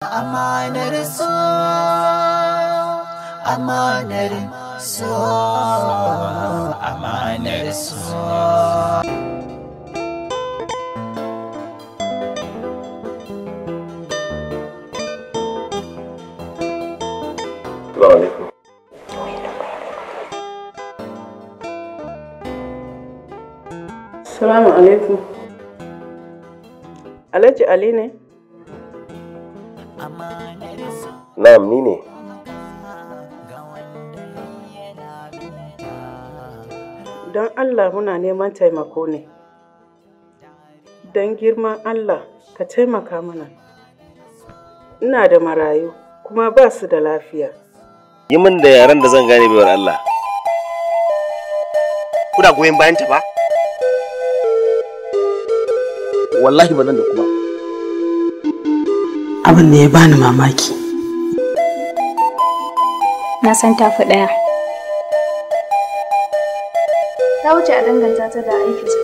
Amanar so, amanar so, amanar Salamu alaikum. Alhaji Ali ne? na'am ni ne don allah muna neman taimako ne don girman allah ka taimaka mana ina da marayu kuma ba su da lafiya yi min da yaren da zan gane baiwar allah kuna goyon bayanta ba wallahi ba nan da kuma abin da ya bani mamaki na san tafi ɗaya. Ta wuce a danganta ta da aikin su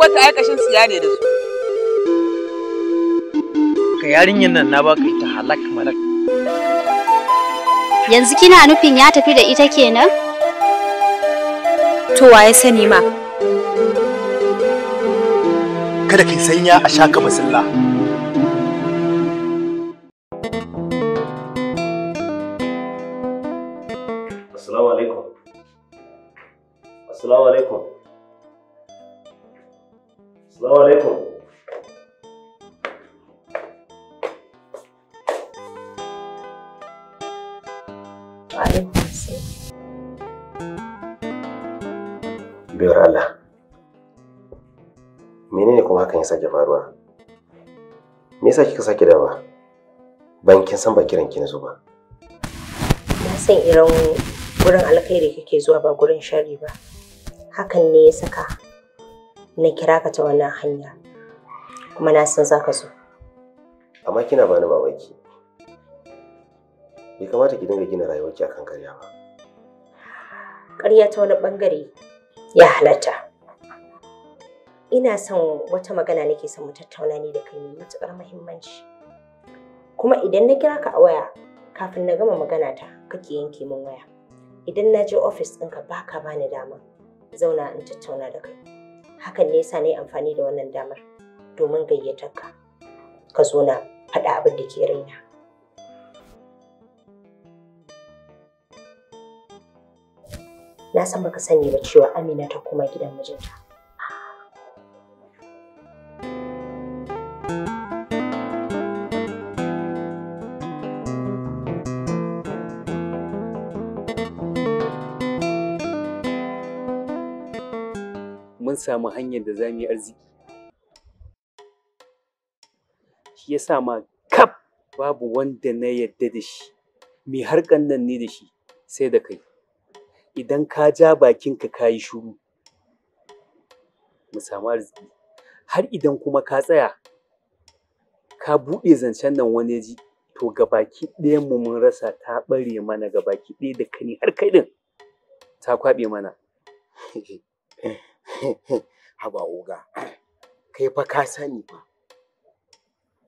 Wata aikashin siya ne da su. Ka yarinyar nan na baka ita halak malak. Yanzu kina nufin ya tafi da ita kenan? To waye sani ma. Kada ki sanya a shaka masalla. me yasa kika sake dawa bayan kin san ba kiran ki nazo ba na san irin gurin alkhairi kake zuwa ba gurin shari ba hakan ne ya saka na kira ka ta wannan hanya kuma na san zaka zo amma kina bani babaki bai kamata ki dinga gina rayuwarki akan karya ba ƙarya ta wani bangare ya halatta ina son wata magana nake son mu tattauna ni da kai mai matuƙar muhimmanci kuma idan na kira ka a waya kafin na gama magana ta kake yanke min waya idan na je ofis ɗinka baka bani dama zauna in tattauna da kai hakan ne yasa na amfani da wannan damar domin gayyatar ka ka zo na faɗa abin da ke raina na san baka sani ba cewa amina ta kuma gidan mijinta samu hanyar da za mu yi arziki shi ya sa ma kaf babu wanda na yadda da shi mai harkan nan ne da shi sai da kai idan ka ja bakinka ka yi shuru mu samu arziki har idan kuma ka tsaya ka buɗe zancen nan wani ji to gabaki ɗayan mu mun rasa ta ɓare mana gabaki ɗaya da kani har kai ɗin ta kwaɓe mana haba oga kai fa ka sani fa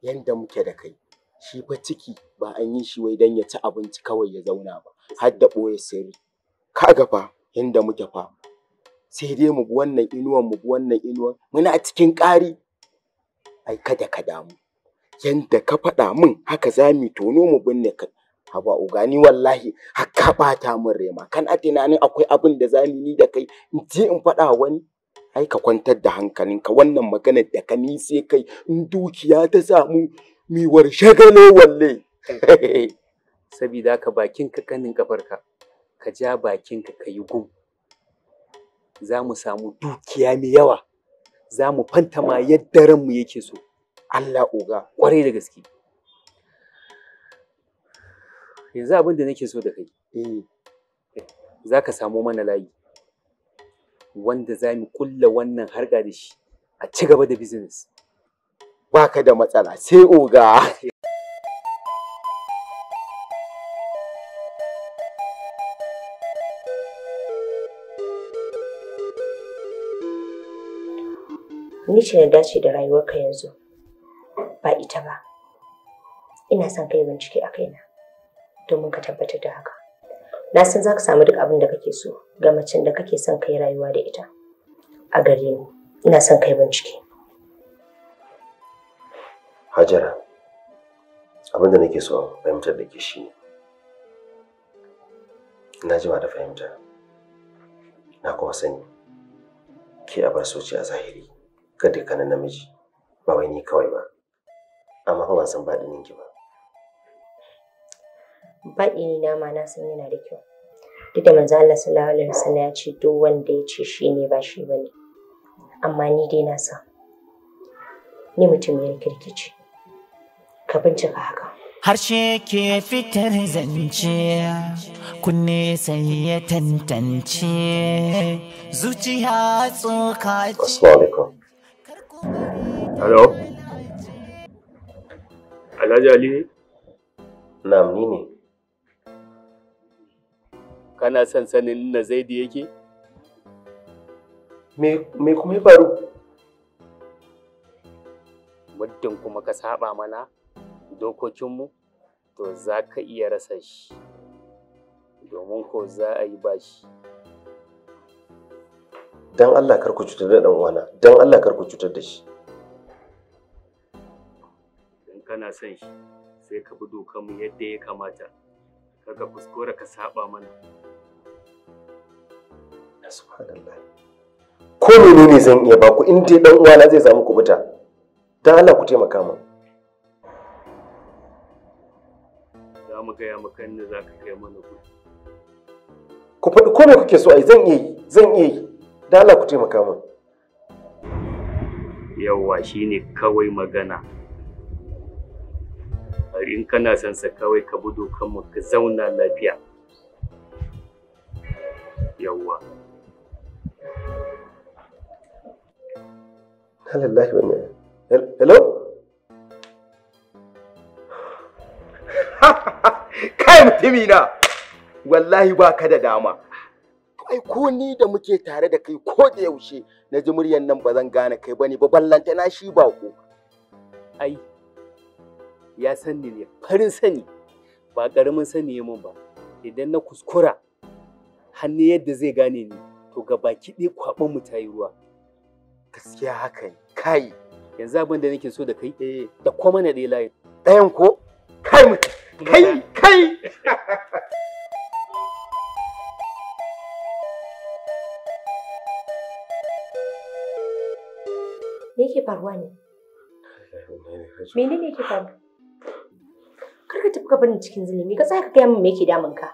yanda muke da kai shi fa ciki ba an yi shi wai dan ya ci abinci kawai ya zauna ba har da sai sirri ga fa yanda muke fa sai dai mu bi wannan inuwan mu bi wannan inuwan muna cikin ƙari ai kada ka damu yanda ka faɗa min haka za mu tono mu binne ka haba uga ni wallahi hakka ɓata min rema a tunanin akwai abin da za mu yi da kai in je in faɗa wani ai ka kwantar da hankalinka wannan maganar da ka ni kai in dukiya ta samu miwar shagale walle sabida ka bakin ka kanin kafarka ka ja bakin ka yi gum za mu samu dukiya mai yawa za mu ma yadda ranmu yake so Allah oga kwarai da gaske yanzu abin da nake so da kai eh. za ka samu mana layi wanda za mu kulla wannan harka da shi a ci gaba da business baka da matsala sai oga ni ce na dace da rayuwarka yanzu ba ita ba ina son kai bincike a kaina domin ka tabbatar da haka Na san za ka samu duk abin da kake so ga macen da kake son kai rayuwa da ita. A gare ni, ina son kai bincike. Hajara, abin da nake so fahimtar da ke shi ne. Na jima da fahimta, na kuma sani ke a bar soci a zahiri ga dukkanin namiji ba wai ni kawai ba, amma ban san ba baɗinin ki ba. Baɗi ni nama na san yana da kyau duk da manzo Allah sallallahu alaihi wasallam ya ce duk wanda ya ce shi ne ba shi bane amma ni dai na san ni mutum ya kirkici ka bincika haka harshe ke fitar zance kunne sai ya tantance zuciya tsoka Hello? Alhaji Ali na ne. kana son sanin na zaidi yake me kuma ya faru muddin kuma ka saba mana dokokinmu to za ka iya rasa shi domin ko za a yi bashi don Allah kar ku cutar da ɗan uwana don Allah kar ku cutar da shi in kana son shi sai ka bi dokanmu yadda ya kamata kaga kuskura ka saba mana subhanallah ko menene zan iya ba ku in dai dan uwana zai samu kubuta dan Allah ku taimaka min za mu gaya maka inda za ka kai mana kuɗi ku faɗi ko me kuke so ai zan iya yi zan iya yi dan Allah ku taimaka min yawwa shine kawai magana bari in kana son sa kawai ka bi dokan mu ka zauna lafiya yawwa Alallahi wannan. Hello? Kai mutumina! Wallahi ba ka da dama. Ai, ko ni da muke tare da kai ko da yaushe na ji muryan nan ba zan gane kai ba ne ba ballanta na shi bako. Ai, ya san ni ne farin sani ba ƙaramin sani ya mun ba. Idan na kuskura hannu yadda zai gane ni to ga baki ɗaya kwaɓan mu ta yi ruwa. Gaskiya haka ne. kai yanzu abin da nake so da kai eh. da kuma na dai layi ɗayan ko kai mutum kai kai me yake faruwa ne menene yake faru kar ka tafi ka barin cikin zulumi ka tsaya ka gaya min me yake damun ka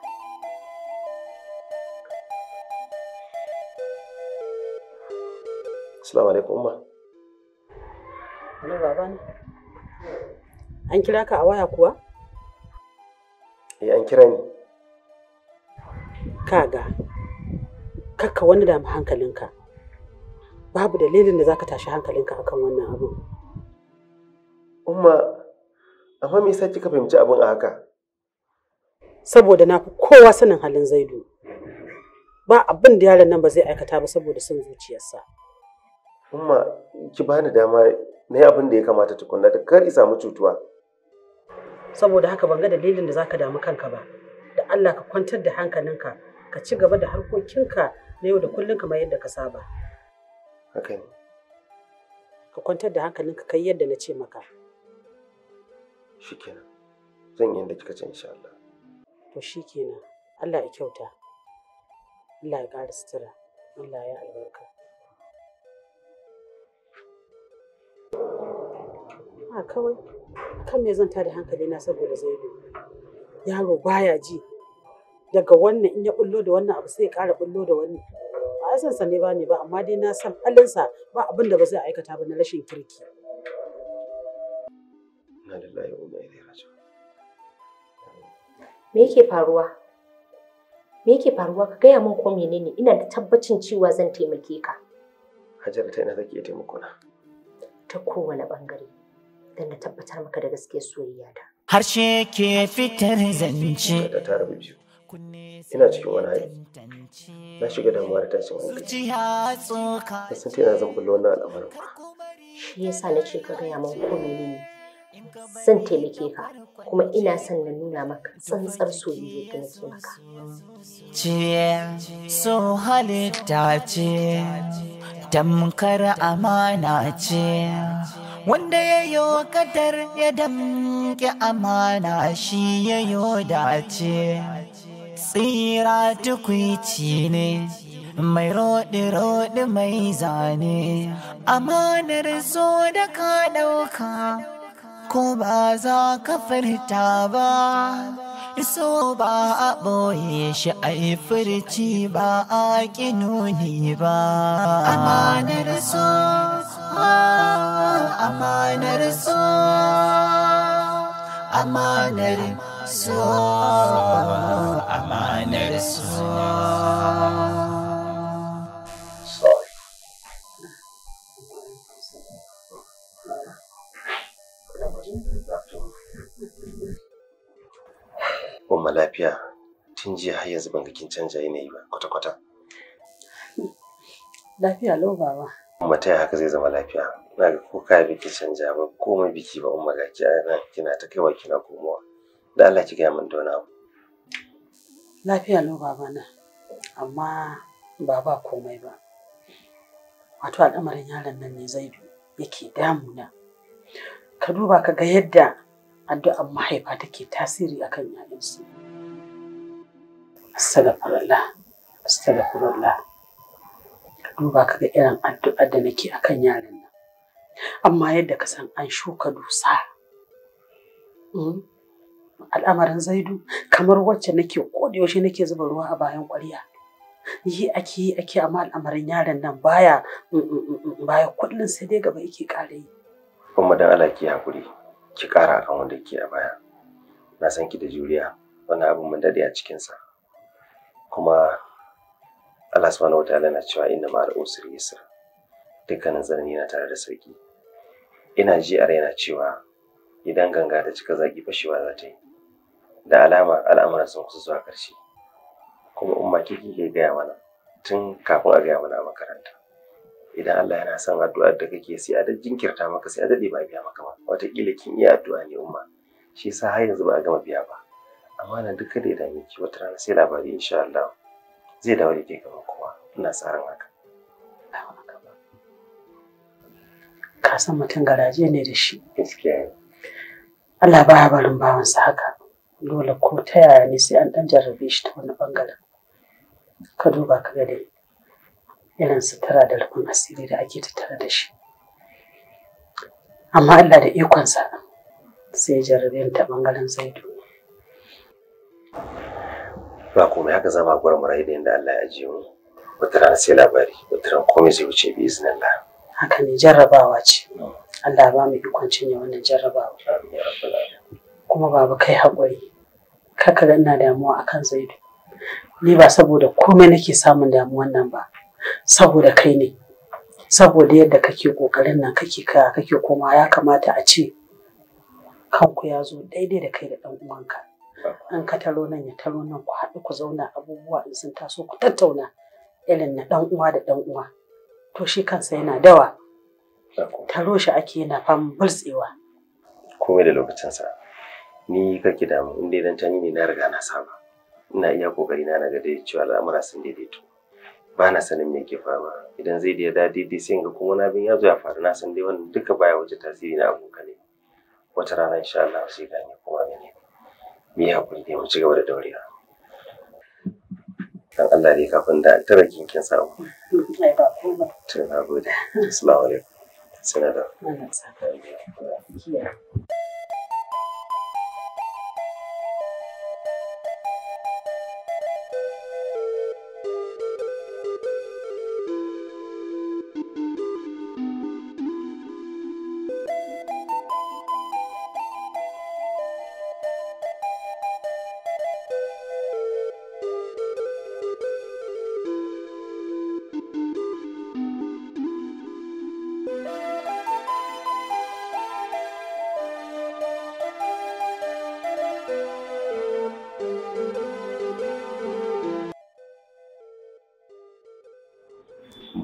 Assalamu alaikum umma Hello, babana. An kira ka a waya kuwa? Eh, an kira ni. Kaga, kakka wani damu hankalinka. Babu dalilin da za ka tashi hankalinka akan wannan abu. Umma, amma me yasa kika fahimci abin a haka? Saboda na fi kowa sanin halin Zaidu. Ba abin da yaron nan ba zai aikata ba saboda son zuciyarsa. Umma, ki bani dama na yi abin da ya kamata tukunna ta kar isa cutuwa saboda haka ban ga dalilin da zaka damu kanka ba da Allah ka kwantar da hankalinka ka ci gaba da harkokinka na yau da kullum kamar yadda ka saba haka ne ka kwantar da hankalinka kai yadda na ce maka shikenan zan yi yadda kika ce insha Allah to shikenan Allah ya kyauta Allah ya ƙara sutura Allah ya albarka rigima kawai kan me zan tada hankali na saboda zaidu yaro baya ji daga wannan in ya bullo da wannan abu sai ya kara bullo da wannan ba san sa ba ne ba amma dai na san halinsa ba abin da ba zai aikata ba na rashin kirki inna me yake faruwa me yake faruwa ka gaya min ko menene ina da tabbacin cewa zan taimake ka Hajara ta ina zaki iya taimako na ta kowane bangare don na tabbatar maka da gaske soyayya ta. Harshe ke fitar zance. ta rabu biyu. Ina cikin wani hali. Na shiga damuwa da tashin hankali. Na san ta yana zan bullo wannan al'amarin. Shi yasa na ce ka gaya min ko menene. Zan taimake ka kuma ina son na nuna maka tsantsar soyayya da nake maka. Ciye so halitta ce, tamkar amana ce. wanda ya yi kadar ya damke amana shi ya yi dace tsira tukwici ne mai roɗi-roɗi mai zane amanar zo da ka ɗauka ko ba za ka furta ba so ba a boye shi a yi furci ba a nuni ba amanar so amanar so amanar so amanar so lafiya tun jiya har yanzu ban ga kin canja yanayi ba kwata-kwata. Lafiya lo baba. amma ta haka zai zama lafiya. Na ga ko ka biki canja ba komai biki ba umma ga ki ana kina ta kaiwa kina komowa. Da Allah ki gaya min dona Lafiya lo baba na. Amma ba ba komai ba. Wato al'amarin yaron nan ne Zaidu yake damuna. Ka duba ka ga yadda addu'ar mahaifa take tasiri akan 'ya'yansu. astaghfirullah astaghfirullah ka duba ka ga irin addu'a da nake akan yaran nan amma yadda ka san an shuka dusa hmm, al'amarin zaidu kamar wacce nake yaushe nake zuba ruwa a bayan ƙwarya yi ake yi ake amma al'amarin yaron nan baya mm, mm, mm, baya kullum sai dai gaba yake ƙara yi kuma dan Allah ki hakuri ki ƙara akan wanda ke a baya na san ki da juriya wani abin mun dade a cikin sa kuma Allah subhanahu wataala na cewa inna ma'al usri yusra dukkanin zanni na tare da sarki. ina ji a raina cewa idan ganga ta cika zaki fashewa za ta yi da alama al'amura sun kusa zuwa ƙarshe kuma umma ke kike gaya mana tun kafin a gaya mana a makaranta idan Allah yana son addu'ar da kake sai a jinkirta maka sai a daɗe ba biya maka ba wataƙila kin iya addu'a ne umma shi yasa har yanzu ba a gama biya ba amana duk kada ya dame ki wata rana sai labari insha Allah zai dawo da ke gaba kuma ina tsarin haka ka san mutum garaje ne da shi Allah ba barin bawansa haka dole ko ta yaya ne sai an dan jarrabe shi ta wani bangaren ka duba ka ga dai irin sutura da rufin asiri da ake tattara da shi amma Allah da ikonsa sai jarrabe ta bangaren zaidu ba komai haka zama gwar marayi da yadda Allah ya ji mu wata rana sai labari wata rana komai zai wuce bi izinin Allah haka ne jarrabawa ce Allah ba mu ikon cinye wannan jarrabawa kuma baba kai hakuri kaka ga ina damuwa akan Zaidu ni ba saboda komai nake samun damuwan nan ba saboda kai ne saboda yadda kake kokarin nan kake ka kake koma ya kamata a ce kanku ya zo daidai da kai da ɗan uwanka an ka nan ya taro nan ku haɗu ku zauna abubuwa in sun taso ku tattauna irin na ɗan uwa da ɗan uwa to shi kansa yana dawa taro shi ake yana famun burtsewa komai da lokacin lokacinsa ni kake damu in dai dan tani ne na riga na saba ina iya kokari na naga dai cewa al'amura sun daidaito ba na sanin me ke faruwa idan zai da da daidai sai ga kuma abin ya zo ya faru na san dai wannan duka baya wuce tasiri na abokanai wata rana insha Allah sai gane kuma menene mu yi haƙuri dai mu ci gaba da daurewa dan Allah dai kafin da tara kinkin samu to na gode assalamu alaikum sai na da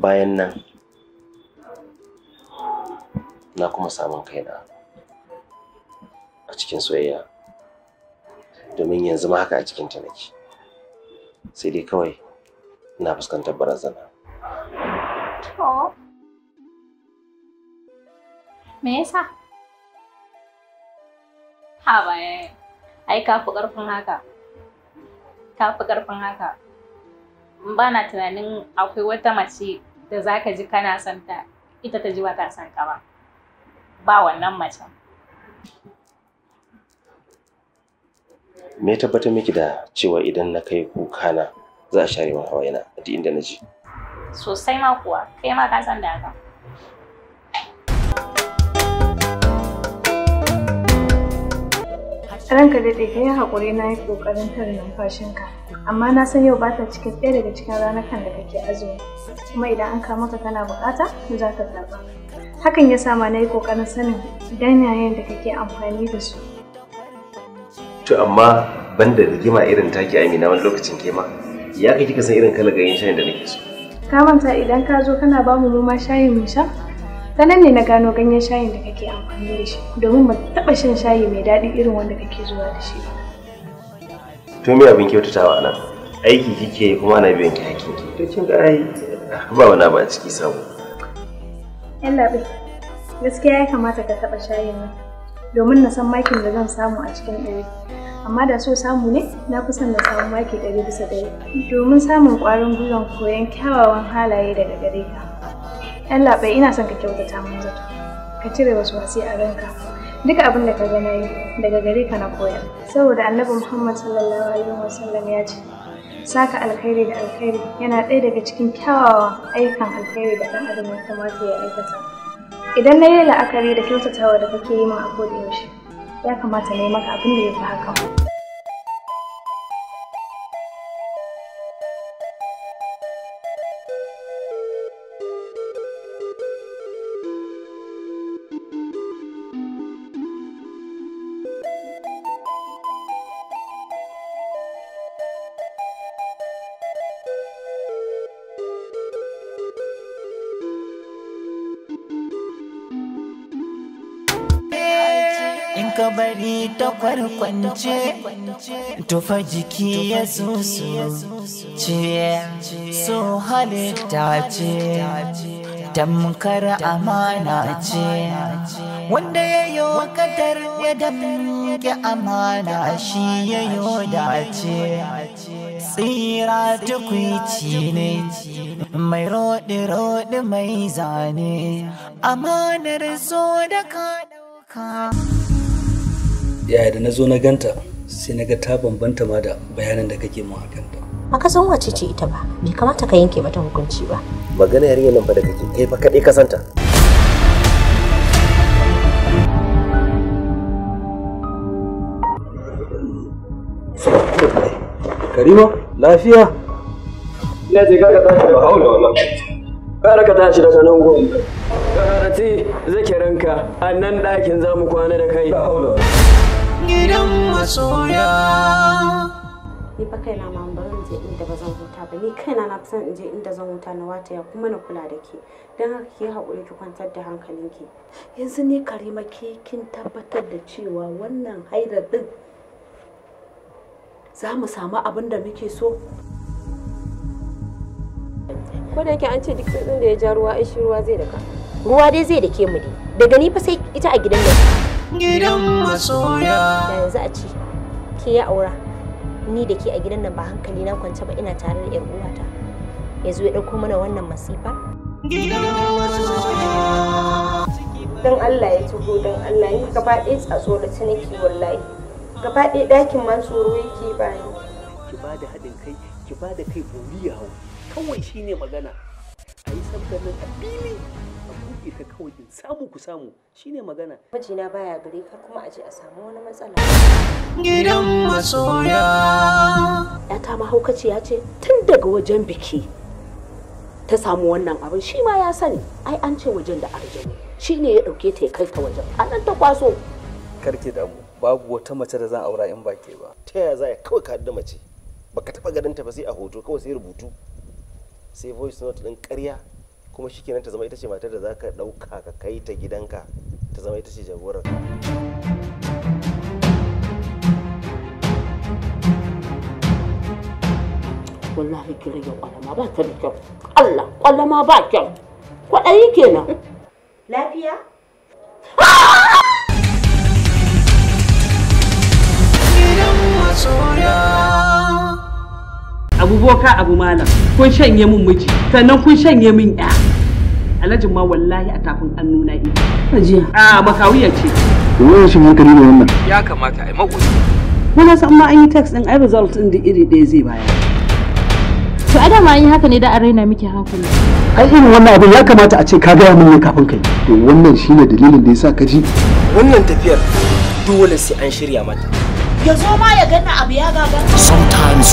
bayan nan na kuma samun kaina a cikin soyayya domin yanzu ma haka a cikin ta nake sai dai kawai ina fuskantar barazana me yasa ha baya eh. ai ka fi ƙarfin haka ka fi ƙarfin haka ba na tunanin akwai wata mace da za ka ji kana son ta ita ta ji ba ta son ka ba ba wannan macen me tabbatar miki da cewa idan na kai kuka na za a share min hawayena a duk inda na ji sosai ma kuwa kai ma ka san da haka ranka daɗe ka yi haƙuri na yi ƙoƙarin tare numfashinka amma na san yau ba ta cikin ɗaya daga cikin ranakan da kake azumi kuma idan an kama ka kana buƙata za ka karɓa hakan ya sama na yi ƙoƙarin sanin ganyayen da kake amfani da su. to amma ban da rigima irin taki amina wani lokacin kema ya kake kika san irin kalagayin shayin da nake so. ka manta idan ka zo kana ba mu noma shayin mu sha Ta nan ne na gano ganyen shayin da kake amfani da shi domin ba taɓa shan shayi mai daɗi irin wanda kake zuwa da shi ba. To me abin kyautatawa nan? Aiki kike kuma na biyan ki hakkin ki. To kin ga ai ba wani ba a ciki sabo. Yalla bai. Gaskiya ya kamata ka taɓa shayin nan domin na san makin da zan samu a cikin ɗari. Amma da so samu ne na kusan son na samu maki ɗari bisa ɗari domin samun ƙwarin gwiwan koyon kyawawan halaye daga gare ka. yan bai ina son ka kyautata mun zato. Ka cire wasu wasi a ranka. Duka abin da ka gana yi daga gare ka na koya. Saboda Annabi Muhammad sallallahu alaihi wasallam ya ce saka alkhairi da alkhairi yana ɗaya daga cikin kyawawan aikan alkhairi da ɗan adam ya kamata ya aikata. Idan na yi la'akari da kyautatawa da kake yi min a yaushe, ya kamata na yi maka abin da ya fi haka. ka bari ta kwarkwance tufa jiki ya zuzu ce so halitta ce tamkar amana ce wanda ya yi wakadar ya damke amana shi ya yi dace tsira tukwici ne mai roɗi-roɗi mai zane amanar so da ka ɗauka yaya da na zo na ganta sai na ga ta bambanta ma da bayanan da kake mun hakan ta baka san wace ce ita ba bai kamata ka yanke mata hukunci ba magana yarinya nan ba da kake kai fa kadai ka santa Karima, lafiya? Ina je ka tashi da haula wallahi. Kara ka tashi daga nan gon. Karati a annan ɗakin za mu kwana da kai. Da haula. gidan masoya ni fa kaina ma ba zan je inda ba zan huta ba ni kaina na san in je inda zan huta na wata ya kuma na kula da ke don haka ki haƙuri ki kwantar da hankalinki yanzu ne karima ke kin tabbatar da cewa wannan haidar din za mu samu abin da muke so ko da yake an ce duk tsirrin da ya ja ruwa ai shi ruwa zai daka ruwa dai zai dake mu ne daga ni fa sai ita a gidan nan gidan masoya da yanzu a ce ke ya aura ni da ke a gidan nan ba hankali na kwance ba ina tare da yar uwata ya zo ya ɗauko mana wannan masifa gidan masoya dan Allah ya tugo dan Allah ni gaba ɗaya tsatso da ciniki wallahi gaba ɗaya dakin man tsoro yake bani ki ba da haɗin kai ki ba da kai buri ya hau kawai shine magana a yi sabgar nan a fili ka kawai in samu ku samu shine magana mijina baya gare kar kuma a je a samu wani matsala gidan masoya ya ta mahaukaci ya ce tun daga wajen biki ta samu wannan abin shi ma ya sani ai an ce wajen da arjini shine ya dauke ta ya kai ta wajen a nan ta kwaso karki damu babu wata mace da zan aura in ba ke ba ta yaya za ya kawai ka da mace baka taba ganin ta ba sai a hoto kawai sai rubutu sai voice note din ƙarya kuma shi kenan ta zama ita ce matar da za ka ɗauka ka kai ta gidanka ta zama ita ce jagorar wallahi ki rage kwalama ba ta da kyau Allah kwalama ba kyau kwaɗayi kenan lafiya ah! Soya boka abu malam kun shanye min miji sannan kun shanye min ya Alhaji ma wallahi a tafin an nuna ni ajiya a makawiya ce wannan shi hankali ne wannan ya kamata ai makoci muna san ma an yi text din ai result din da iri ɗaya zai bayar to a dama an yi haka ne da an raina miki hankali ai irin wannan abin ya kamata a ce ka gaya min ne kafin kai to wannan shine dalilin da yasa ka ji wannan tafiyar dole sai an shirya mata Sometimes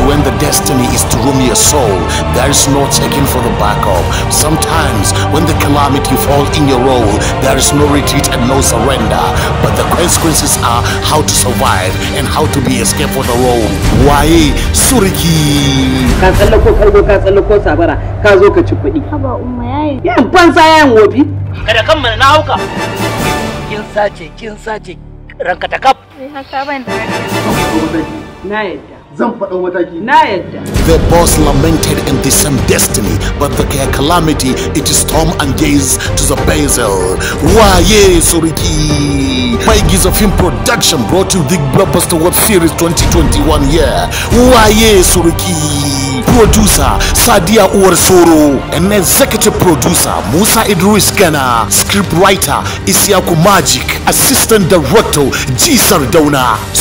when the destiny is to ruin your soul, there is no checking for the back of. Sometimes when the calamity falls in your role, there is no retreat and no surrender. But the consequences are how to survive and how to be escaped for the role. Waye suriki. Ka tsallako kargo ka tsallako sabara ka zo ka ci kuɗi. Haba umma wobi. kan mana na hauka. Kin sace kin sace ranka ta kaf. Ni har ta ban da Na zan faɗo mataki. Na yadda. The boss lamented in the same destiny, but the care calamity it is storm and gaze to the basil. Waye Suriki! My film production brought you the blockbuster web series 2021 year. Waye Suriki! Producer Sadia Uwarsoro and executive producer Musa Idris Gana. Script writer Isiaku Magic. Assistant director Jisar Dauna.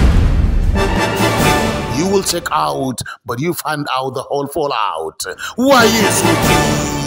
will check out, but you find out the whole fallout. Why is it?